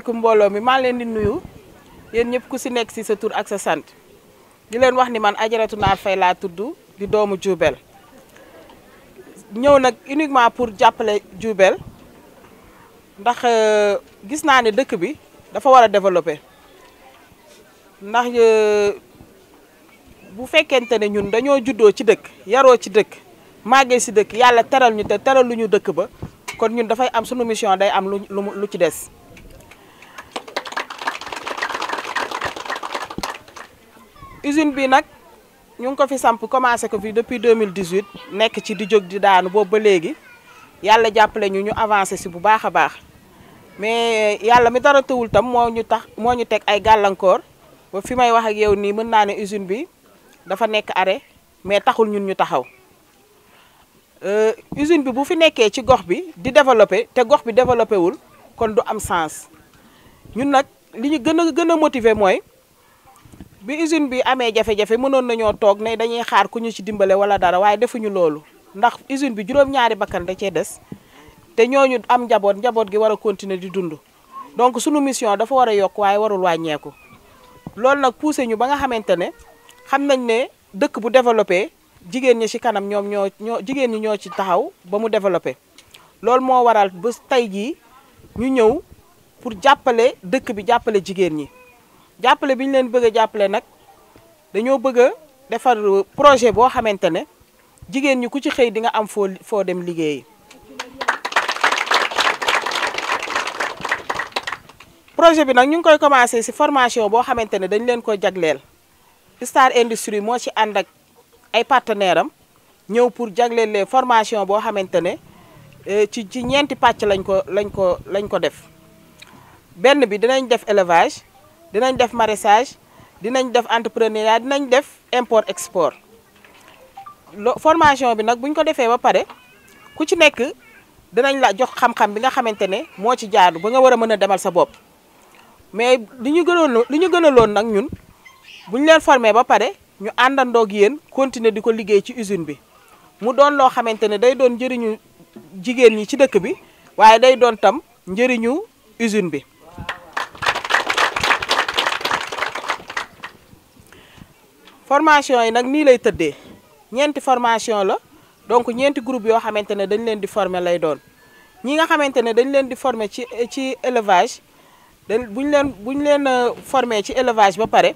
ku mbolo mi ma len di nuyu yen ñep ku ci nek ci sa tur ak sa sante di len wax ni man ajaratu naar fay la tuddu di doomu Jubel. ñew nak uniquement pour jàppale Jubel. ndax euh, gis na ni dekk bi dafa wara développer ndax euh, bu fekkente ne ñun dañoo juddoo ci dekk yaroo ci dekk magge ci dekk yalla teral ñu te teral lu ñu ba kon ñun fay am suñu mission day am lu ci des usine bi nous ñu ko fi depuis 2018 nek ci di jog di daanu bo nous léegi yalla jappalé ñu ñu Avancer ci bu baaxa baax mais yalla mi dara tëwul tam nous. ñu tax mo ñu tek ay ba fi wax ak yow ni mën usine bi dafa arrêt mais taxul ñun ñu taxaw euh, usine bi bu fi Nous ci gox bi di am sens ñun nak li ñu gëna motiver bi usine bi amee jafe-jafe mënoon nañoo toog ne dañuy xaar ku ñu ci dimbale wala dara waaye defuñu loolu ndax usine bi juróom-ñaari bakkan da cee des te ñooñu am njaboot njaboot gi war a continuer di dund donc suñu mission dafa war a yokk waaye warul wàññeeku loolu nag poussé ñu ba nga xamante ne xam nañ ne dëkk bu développé jigéen ñi ci kanam ñoom ñoo ñoo jigéen ñi ñoo ci taxaw ba mu développé loolu moo waral ba tey jii ñu ñëw pour jàppale dëkk bi jàppale jigéen ñi jàppale biñ leen bëgg le nak, dañoo bëgg defar projet bo xamantene jigen jigéen ñi ku ci xey di nga am fo fo dem liggéey projet bi nak ñu ngi koy commencé ci formation bo xamantene dañ leen ko jaglél Star industry mo ci and ak ay partenaire ñew pour jaglél les formations bo xamantene euh, ci ci ñenti patch lañ ko lañ ko lañ ko def benn bi dinañ def élevage. dinañ def maraîchage dinañ def entrepreneuriat dinañ def import export lo formation bi nak buñ ko defee ba paré ku ci nek dinañ la jox xam-xam bi nga xamantene mo ci jaadu ba nga wara a mën demal sa bop mais liñu ñu liñu li ñu gënaloon nag ñun buñ leen formé ba paré ñu àndandoog yeen continuer diko ko liggéey ci usine bi mu doon lo xamantene day doon jëriñu jigen ñi ci dëkk bi waye day doon tam njëriñu usine bi formation yi nag nii lay tëddee ñeenti formation la donc ñeenti groupe yoo xamante ne dañ leen di former lay doon ñi nga xamante ne dañ leen di former ci ci élevage dañ buñ leen buñ leen euh, former ci élevage ba pare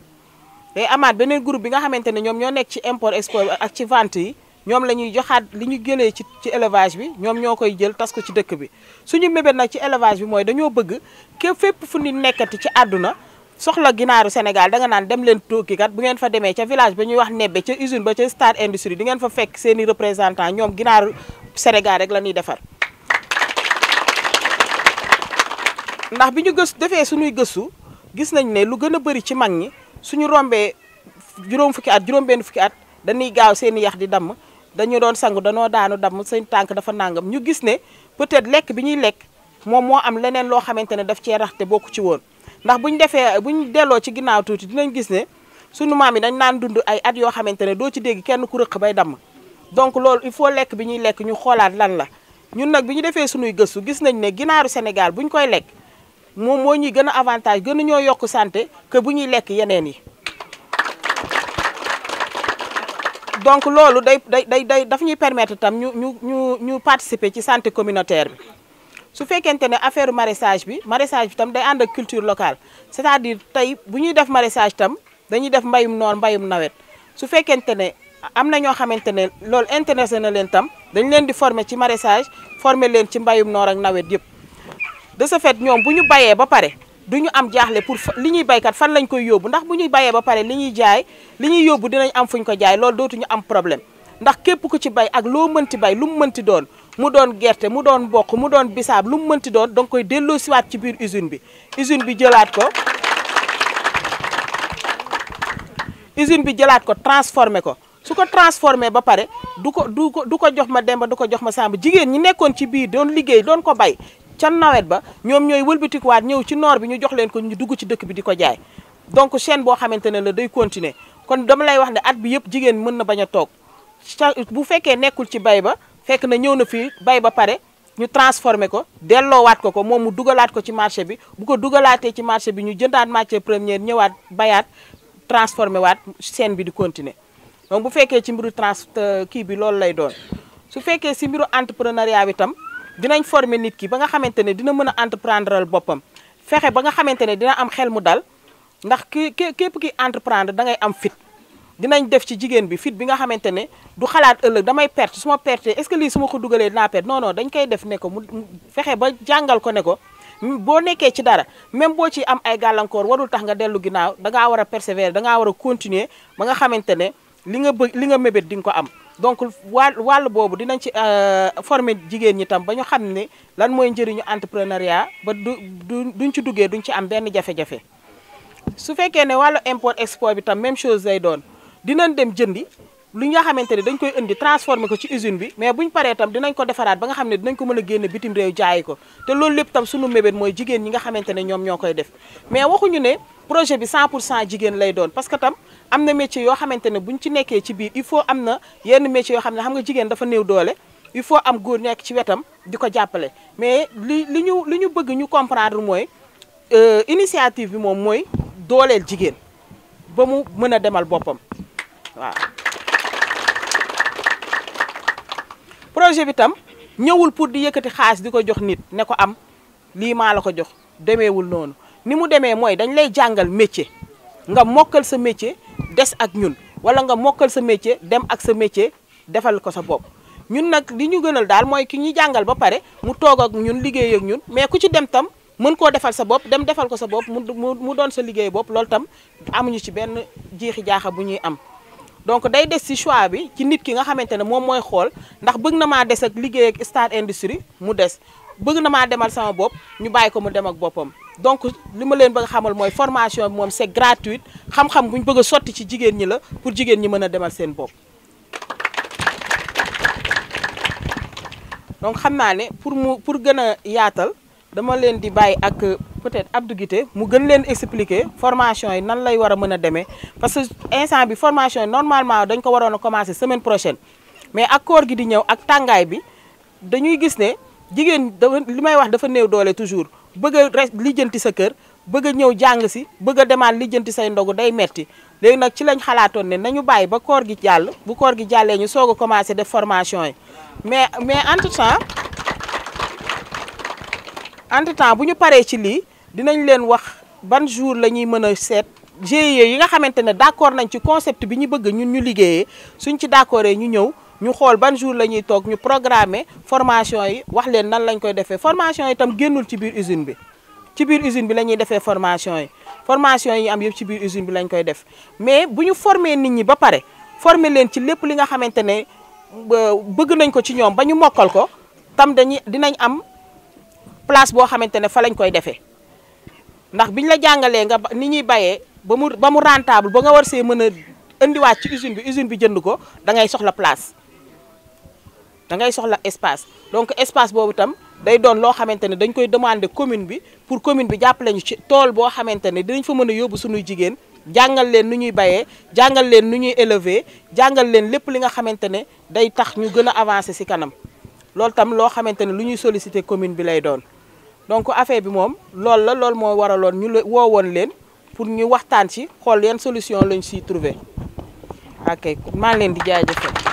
day amaat beneen groupe bi nga xamante ne ñoom ñoo nekk ci import export ak ci vente yi ñoom lañuy joxaat li ñu jëlee ci ci élevage bi ñoom ñoo koy jël tas ko ci dëkk bi suñu mébét nag ci élevage bi mooy dañoo bëgg képp fépp fu ñu nekkati ci àdduna soxla ginaru Senegal da nga nan dem len tukki kat bu ngeen fa deme ci village ba ñuy wax nebbe ci usine ba ci star industry di ngeen fa fekk seeni representant ñom ginaaru rek la ñuy defar ndax biñu geus defé suñuy geussu gis nañ ne lu gëna a bëri ci magni suñu rombé juroom fukki at juroom ben fukki at dañuy gaaw seeni yax di dam dañu doon sangu danoo daanu dam seen tank dafa nangam ñu gis ne peut-être lek biñuy lek mom mo am leneen lo xamantene daf ci rax te bokku ci woon ndax bu ñu defee bu ñu delloo ci ginnaaw tuuti dinañ gis ne sunu maam yi dañ naan dund ay at yoo xamante ne doo ci dégg kenn ku rëq bay damm donc loolu il faut lekk bi ñuy lekk ñu xoolaat lan la ñun nag bi ñu defee suñuy gëstu gis nañ ne ginaaru Sénégal bu ñu koy lekk moom moo ñuy gën a avantage gën a ñoo yokk santé que bu ñuy lekk yeneen yi donc loolu day day day daf ñuy permettre tam ñu ñu ñu ñu participer ci santé communautaire bi su fekkente ne affaire maraîchage bi maraîchage bi tam day ànd ak culture locale c'est-à-dire tey bu ñuy def maraîchage tam dañuy def mbayum noor mbayum nawet su fekkente ne am na ñoo xamante ne loolu intéressé na leen tam dañ leen di former ci maraîchage former leen ci mbayum noor ak nawet yëpp de ce fait ñoom bu ñu bayee ba pare duñu am jaaxle pour li ñuy baykat fan lañ koy yóbbu ndax bu ñuy bayee ba pare li ñuy jaay li ñuy yóbbu dinañ am fuñ ko jaay loolu dootuñu am problème ndax képp ko ci bay ak loo mënti bay lu mu mënti doon mu doon gerte mu doon mboq mu doon bissaab lu mu mënti doon danga koy delloosiwaat ci biir usine bi usine bi jëlaat ko usine bi jëlaat ko transformé ko su ko transformé ba pare du ko du ko du ko jox ma demba du ko jox ma sàmba jigéen ñi nekkoon ci biir doon liggéey doon ko bay ca nawet ba ñoom ñooy wëlbatikuwaat ñëw ci noor bi ñu jox leen ko ñu dugg ci dëkk bi di ko jaay donc chaîne boo xamante ne la day continuer kon dama lay wax ne at bi yëpp jigéen mën na bañ a toog bu fekkee nekkul ci bay ba fekk na ñëw na fii bay ba pare ñu transformé ko delloowaat ko ko moom mu dugalaat ko ci marché bi bu ko dugalaatee ci marché bi ñu jëndaat matière première ñëwaat bayaat transformé waat seen bi di continuer donc bu fekkee ci mbiru trans euh, kii bi loolu lay doon su fekkee si mbiru entrepreneuriat bi tam dinañ former nit ki ba nga xamante ne dina mën a entreprendre boppam fexe ba nga xamante ne dina am xel mu dal ndax ki képp ki entreprendre da ngay am fit dinañ def ci jigéen bi fit bi nga xamante ne du xalaat ëllëg damay perte su ma perte est-ce que lii suma ko dugalee dinaa perte non dañ koy def ne ko mu fexe ba jàngal ko ne ko boo nekkee ci dara même boo ci am ay gàllankoor warul tax nga dellu ginnaaw dangaa war a persévérer dangaa war a continuer ba nga xamante ne li nga bëgg li nga mébét di nga ko am donc wàll wàll boobu dinañ ci euh, former jigéen ñi tam ba ñu xam ne lan mooy njëriñu entrepreneuriat ba du duñ ci duggee duñ ci am benn jafe su fekkee ne wàllu import export bi tam même chose lay doon dinañ dem jëndi lu nga xamante ne dañ koy indi transformer ko ci usine bi mais bu buñ paree tam dinañ ko defaraat ba nga xam ne dinañ ko mën a génne bitim réew jaayi ko te lool lépp tam suñu mébét mooy jigéen ñi nga xamante ne ñoom ñoo koy def mais waxuñu ne projet bi 100 pour cent jigéen lay doon parce que tam am na métier yoo xamante ne bu ñu ci nekkee ci biir il faut am na yenn métier yoo xam ne xam nga jigéen dafa néew doole il faut am góor nekk ci wetam di ko jàppale mais li li ñu li ñu bëgg ñu comprendre mooy euh, initiative bi moom mooy dooleel jigéen ba mu mën a demal boppam waaw projet bi tam ñëwul pour di yëkkati xaalis di ko jox nit ne ko am lii maa la ko jox demeewul noonu ni mu demee mooy dañ lay jàngal métier nga mokkal sa métier des ak ñun wala nga mokkal sa métier dem ak sa métier defal ko sa bopp ñun nag li ñu gënal daal mooy ki ñuy jàngal ba pare mu toog ak ñun liggéey ak ñun mais ku ci dem tam mën koo defal sa bopp dem defal ko sa bopp mu mu doon sa liggéey bopp loolu tam amuñu ci benn jiixi jaaxa bu ñuy am donc day dess ci choix bi ci nit ki nga xamantene mom moy xol ndax bëgg na maa des ak liggéey ak Star Industrie mu des bëgg na maa demal sama bop ñu bàyyi ko mu dem ak boppam donc li leen bëgg xamal moy formation mom c'est gratuite xam-xam bu ñu bëgg sotti ci jigen ñi la pour jigen ñi mëna démal sen bop donc xam naa ne pour mu pour gëna yaatal dama leen di bàyyi ak peut-être Abdou Guité mu gën leen expliquer formation yi nan lay war a mën a demee parce que instant bi formation yi normalement dañ ko waroon a commencer semaine prochaine mais ak koor gi di ñëw ak tàngaay bi dañuy gis ne jigéen dafa li may wax dafa néew doole toujours bëgg a lijjanti sa kër bëgg ñëw jàng si bëgg a lijjanti say ndogu day metti léegi nag ci lañ xalaatoon ne nañu bàyyi ba koor gi jàll bu koor gi jàllee ñu soog a commencer def formation yi mais mais entre temps entre temps bu ñu paree ci lii dinañ leen wax ban jour la ñuy mën a seet GIE yi nga xamante ne d'accord nañ ci concept bi ñu bëgg ñun ñu liggéeyee suñ ci d'accordee ñu ñëw ñu xool ban jour la ñuy toog ñu programmer formation yi wax leen nan lañ koy defee formation yi itam génnul ci biir usine bi ci biir usine bi la ñuy defee formation yi formation yi am yëpp ci biir usine bi lañ koy def mais bu ñu former nit ñi ba pare former leen ci lépp li nga xamante ne bëgg nañ ko ci ñoom ba ñu mokkal ko tam dañuy dinañ am place boo xamante ne fa lañ koy defee ndax bi ñu la jàngalee nga ni ñuy bayee ba mu ba mu rentable ba nga war see mën a indiwaat ci usine bi usine bi jënd ko dangay ngay soxla place da ngay soxla espace donc espace boobu itam day doon loo xamante ne dañ koy demander commune bi pour commune bi jàppale ñu ci tool boo xamante ne dinañ fa mën a yóbbu suñuy jigéen jàngal leen nu ñuy bayee jàngal leen nu ñuy élever jàngal leen lépp li nga xamante ne day tax ñu gën a avancer ci kanam loolu tam loo xamante ne lu ñuy solliciter commune bi lay doon donc affaire bi que nous la pour ñu solution ok je